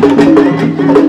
Música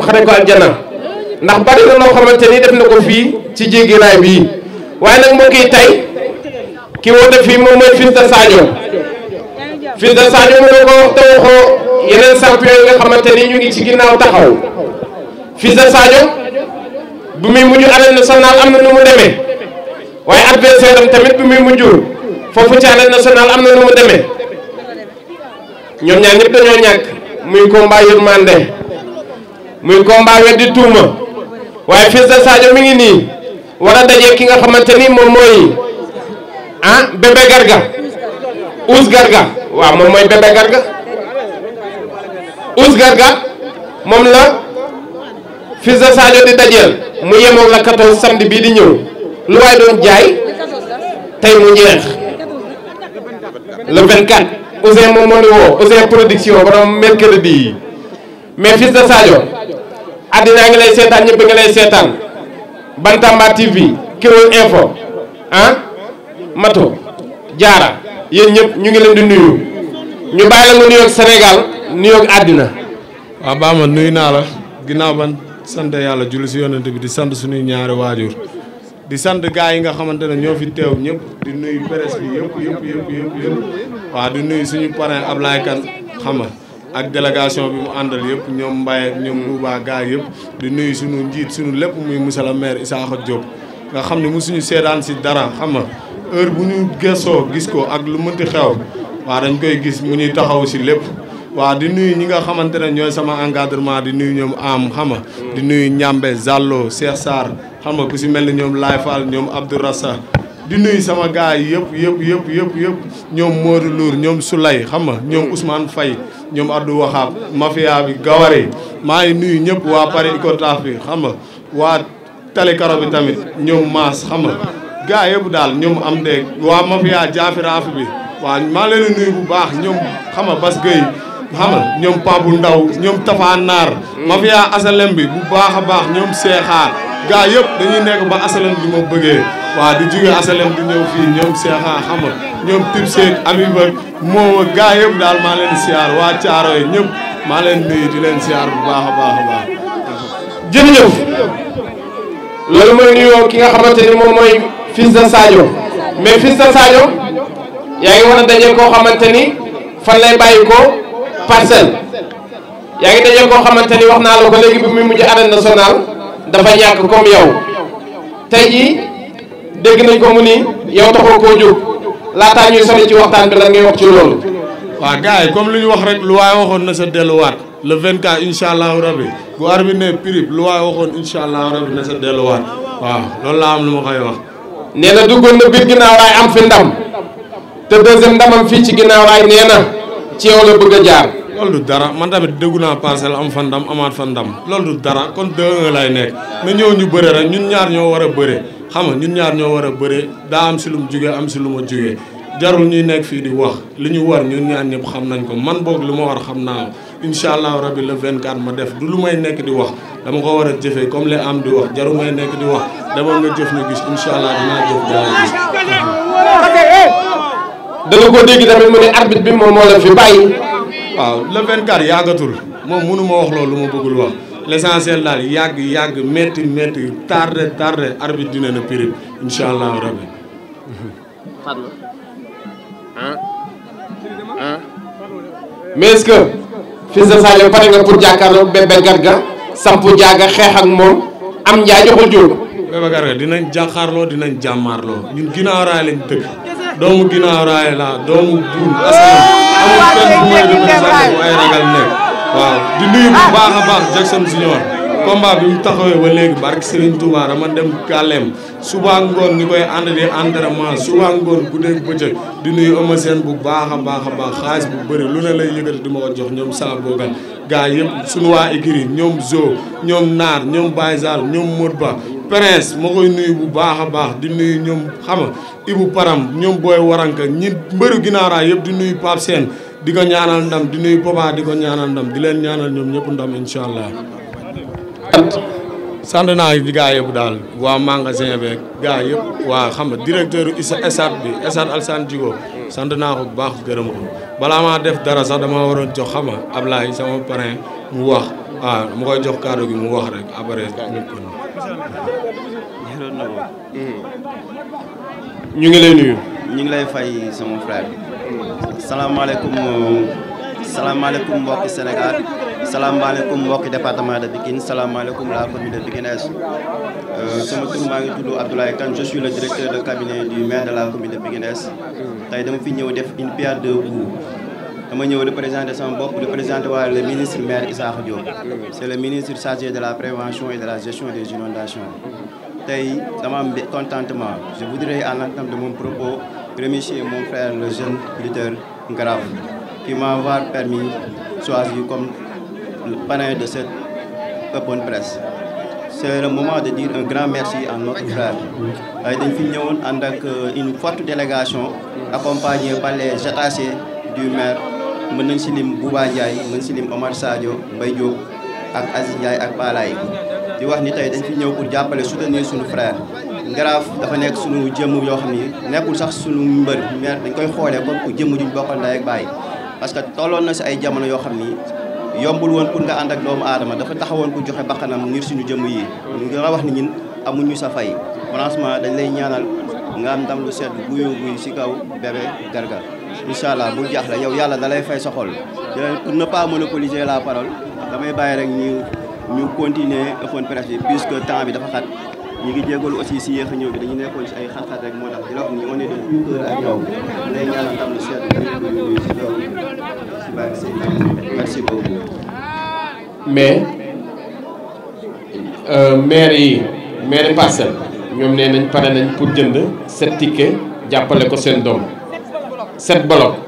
kanamam xare ko aljana ndax bari na loo xamante ni def na ko fii ci jéggi raay bii waaye nag mbokk yi tey ki woote fii moom mooy Filta Sadio Filta Sadio mu ne ko wax te waxoo yeneen champion ñu ngi ci ginnaaw taxaw Filta Sadio bu muy mujj arène nationale am na nu mu demee waaye adversaire am tamit bu muy mujj foofu ci arène nationale am na nu mu demee ñoom ñaar ñëpp dañoo ñàkk muy combat yërmande muy combat weddi tuuma waaye Fils de Sadio mi ngi nii war a daje ki nga xamante ni moom mooy ah bébé garga us garga waaw moom mooy bébé garga us garga moom la Fils de Sadio di dajeel mu yemoog la 14 samedi bii di ñëw lu waay doon jaay tey mu jeex le 24 Ouzin moom moo ni woo Ouzin production borom mercredi mais Fils de Sadio addinaa ngi lay seetaan ñëpp ngi lay seetaan Bantamba TV Kewel Info ah Mato Jaara yéen ñëpp ñu ngi leen di nuyu ñu bàyyi la nga nuyoog Sénégal nuyoog àddina waaw baa ma nuyu naa la ginnaaw ban sant yàlla julli si yonent bi di sant suñuy ñaari waajur di sant gaa yi nga xamante ne ñoo fi teew ñëpp di nuyu presse bi yëpp yëpp yëpp yëpp yëpp di nuyu suñu parrain Ablaye Kane xam nga ak délégation bi mu àndal yëpp ñoom mbay ñoom Bouba gaay yëpp di nuyu suñu njiit suñu lépp muy monsieur le maire Issakha Diop nga xam ne mosuñu seetaan si dara xam nga heure bu ñu gëstoo gis ko ak lu mënti xew waa dañ koy gis mu ñuy taxaw si lépp waa di nuyu ñi nga xamante ne ñooy sama encadrement di nuyu ñoom am xam di nuyu Ñambe Zallo Cheikh Sarr xam nga ku si mel ni ñoom Laye Fall ñoom Abdou Rassa di nuyu sama gars yi yëpp yëpp yëpp yëpp yëpp ñoom Modou ñoom Soulay xam nga ñoom Ousmane Faye ñoom Abdou Wahab mafia bi gawari maa ngi nuyu ñëpp waa Paris Icotaf bi xam nga waa Tali Karo bi tamit ñoom Maas xam nga gars yëpp daal ñoom am de waa mafia jaafiraaf bi waaw maa leen di bu baax ñoom xam nga parce que xam nga ñoom Pape Ndaw ñoom Tafa Naar mm. mafia asalem bu baax a baax ñoom Seexaar gaa yëpp dañuy nekk ba asalem bi ma bëggee waaw di jugee asalem di ñëw fii ñoom Seexa xam nga ñoom Tip Seck Habib ak Mowa gaa yëpp daal maa leen siyaar waa Caaroy ñëpp maa leen di leen siyaar bu baax a baax a baax. jërëjëf loolu mooy nuyoo ki nga xamante ni moom mooy fils de Sadio mais fils de Sadio yaa ngi war a daje koo xamante ni fan lay bàyyi ko parcelle yaa ngi daje koo xamante ni wax naa la ko léegi bi muy mujj arène nationale. dafa ñàkk comme yow tey dégg nañ ko mu ni yow taxoo koo jóg laataa ñuy sori ci waxtaan bi lan ngay wax ci loolu. waaw gars comme lu ñu wax rek lu waaye waxoon na sa delluwaat le 24 incha allahu rabi bu arbi ne prib lu waaye waxoon incha allahu rabi na sa delluwaat waaw loolu laa am lu ma koy wax. nee na duggoon na biir am fi ndam te deuxième ndamam fii ci ginnaaw raay nee na ci yow la bëgg a jaar. lolou dara man tamit déggu parcel am fandam ndam fandam lolou dara kon de deux lay nek na ñew ñu beure rek ñun ñaar ño wara beure xam nga ñun ñaar ño wara beure da am ci lu mu jugee am ci lu ma jugee jarul ñuy nek fi di wax li ñu war ñun ñaar ñep xam nañ ko man bok li ma war xam na inshallah rabbi le 24 ma def du lu may nekk di wax dama ko wara jëfé comme li am di wax jarul may nekk di wax dama nga jëf na gis inshallah dina jëf daal gis. ko dégg tamit mu ne arbitre bi mo mo la fi bàyyi. waaw le 24 yàggatul moom mënuma ma wax loolu lu ma bëggul wax l'essentiel daal yàgg yàgg métti métti tardé tardé arbitre dina na périm incha allahu rabbi mais est-ce que fils de Sadio pare nga pour jàkkaarloo Bébé Garga sampu jaaga xeex ak moom am njaay joxul jur Bébé Garga dinañ jàkkaarloo dinañ jàmmaarloo ñun ginnaaw raay lañ dëkk doomu ginnaaw raay laa doomu buur askan amul kenn bu may représenté bu ay ragal nekk waaw di nuyu bu baax a baax Jackson Junior combat bi mu taxawee ba léegi barke Serigne Touba dama dem Kallem suba ngoon ñu koy ànd di entraînement suba ngoon guddeeg bëccëg di nuy Eumeu seen bu baax a baax a baax xaalis bu bëri lu ne lay yëkkati di ma ko jox ñoom saa boogal gars yëpp suñu waa écurie ñoom Zo ñoom Naar ñoom Baye ñoom Modou Ba prince mo koy nuyu bu baakha baax di nuyu ñom xam nga Ibou Param ñom boy waranka ñi mbëru ginaara yeb di nuyu pap sen di ko ñaanal ndam di nuyu Papa di ko ñaanal ndam di len ñaanal ñom ñëpp ndam inshallah sandana yi gaay yeb dal wa magasin be gaay yeb wa xam nga directeur isa esat bi esat Alsane Djigo sandana ko baax geureum ko bala ma def dara sax dama waron jox xam nga Ablaye sama parrain mu wax ah mu koy jox cadeau gi mu wax rek après ñu ko ñu ngi lay nuyu. ñu ngi lay fay sama frère. salaamaaleykum salaamaaleykum mbokki Sénégal salaamaaleykum mbokki département de Pikine salaamaaleykum la commune de Pikine Est. Euh, sama tur maa ngi tudd Abdoulaye Kane je suis directeur de cabinet du maire de la commune de Pikine tey dama fi ñëw def une pierre deux coups. dama ñëw représenter le ministre maire Isaac c'est le ministre chargé de la prévention et de la gestion des inondations. je voudrais à l'entente de mon propos remercier mon frère le jeune leader, Ngaraf qui m'a permis choisir comme le panel de cette open presse. c'est le moment de dire un grand merci à notre frère Il dañ fi euh, une forte délégation accompagnée par les attachés du maire mën nañ si lim Bouba Ndiaye mën si lim Omar Sadio Mbaye Diop ak Aziz Ndiaye ak Balaay di wax ni tey dañ fi ñëw pour jàppale soutenir suñu frère Ngaraaf dafa nekk suñu jëmm yoo xam ni nekkul sax suñu mbër mais dañ koy xoolee comme ko jëmm juñ bokkal ndey ak bàyyi parce que tolloon na si ay jamono yoo xam ni yombul woon pour nga ànd ak doomu aadama dafa taxawoon ku joxe bakkanam ngir suñu jëmm yi ñu nga wax ni ñun amuñu sa fay franchement dañ lay ñaanal nga am ndam lu sedd guyu guyu si kaw bébé garga inshallah bu bul la yow yalla dalay fay sa xol pour ne pas monopoliser la parole damay baye rek ñu ñu continuer open presse bi puisque temps bi dafa xat ñi ngi jégalu aussi ci yéex a ñëw bi dañu nekkoon ci ay xat-xat rek mo tax di la wax ni on est de cœur ak yow lay ñaan tam lu seet merci beaucoup mais euh, maire yi maire parcelle ñom nee nañ pare nañ pour jënd sept tickets jappalé ko sen dom set blocs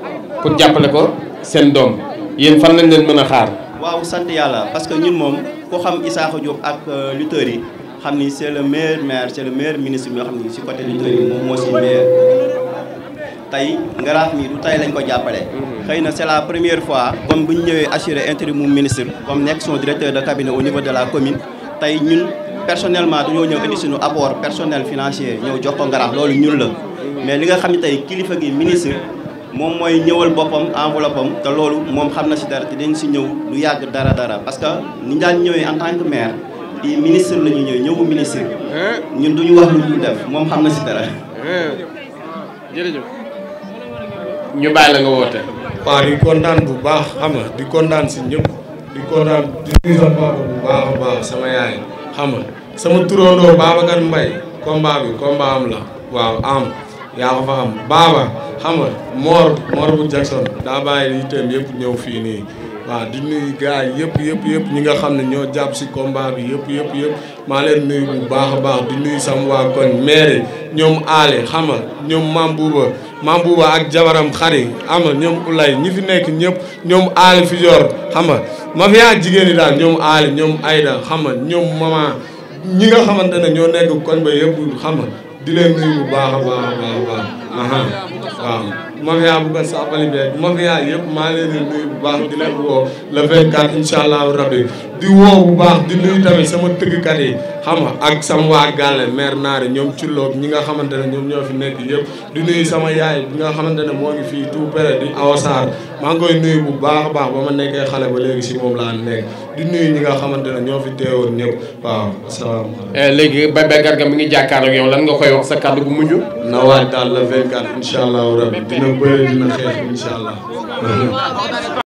pour jàppale ko sen dom yeen fan lañ leen mën xaar. waaw sante yalla parce que ñun mom ko xam Issakha Diop ak euh, lutteur yi xam ni c'est le meilleur maire c'est le meilleur ministre bi nga xam ni si côté lutteurs yi moom moo si meilleur. tay ngaraf mi du tay lañ ko jappalé xeyna c'est la première fois. comme buñ ñëwé assurer intérim mu ministre comme nek son directeur de cabinet au niveau de la commune tay ñun personnellement dañu ñëw indi suñu apport personnel financier ñëw jox ko ngaraf lolu ñun la. mais li nga xamni tay kilifa gi ministre mom moy ñewal bopam am te lolu mom xamna ci dara te dañ ci ñew du yag dara dara parce que ni nga ñewé en tant que maire di ministre lañu ñew ñewu ministre eh? ñun duñu wax lu ñu def mom xamna ci dara eh? ñu nga wote wa di bu baax xam nga di kontaan si ñepp di kontaan di nuyu sa papa bu baax baax sama yaay xam nga sama mbay combat bi combat am la waaw am yaa ko fa xam baaba xam nga Mor Mor bu Jackson daa bàyyi yitteem yëpp ñëw fii nii waaw di nuyu gars yi yëpp yëpp yëpp ñi nga xam ne ñoo jàpp si combat bi yëpp yëpp yëpp maa leen nuyu bu baax a baax di nuyu sama waa koñ maire ñoom aale xam nga ñoom maam buuba maam buuba ak jabaram xari xam nga ñoom ulay ñi fi nekk ñëpp ñoom aale fi yor xam nga ma fi yaa jigéen ñi daal ñoom aale ñoom ayda xam nga ñoom mama ñi nga xamante ne ñoo nekk koñ ba yëpp xam nga di leen nuyu bu baax a baax a baax a baax waaw mafia bu ko saafali beeg mafia yëpp maa ngi leen di nuyu bu baax di leen woo le 24 yi di woo bu baax di nuyu tamit sama tëggkat yi xam nga ak sama waa Gàlle maire naare ñoom ci loog ñi nga xamante ne ñoom ñoo fi nekk yëpp di nuyu sama yaay bi nga xamante ne moo ngi fii tout près di awasaar maa ngi koy nuyu bu baax baax ba ma nekkee xale ba léegi si moom laa nekk di nuyu ñi nga xamante ne ñoo fi teewoon ñëw waaw asalaamaaleykum eh, léegi Bébé Garga mi ngi jàkkaarloo ak yow lan nga koy wax sa kàddu bu mujj na waa daal le 24 incha allahu rabi dina bëre dina xeex incha allah.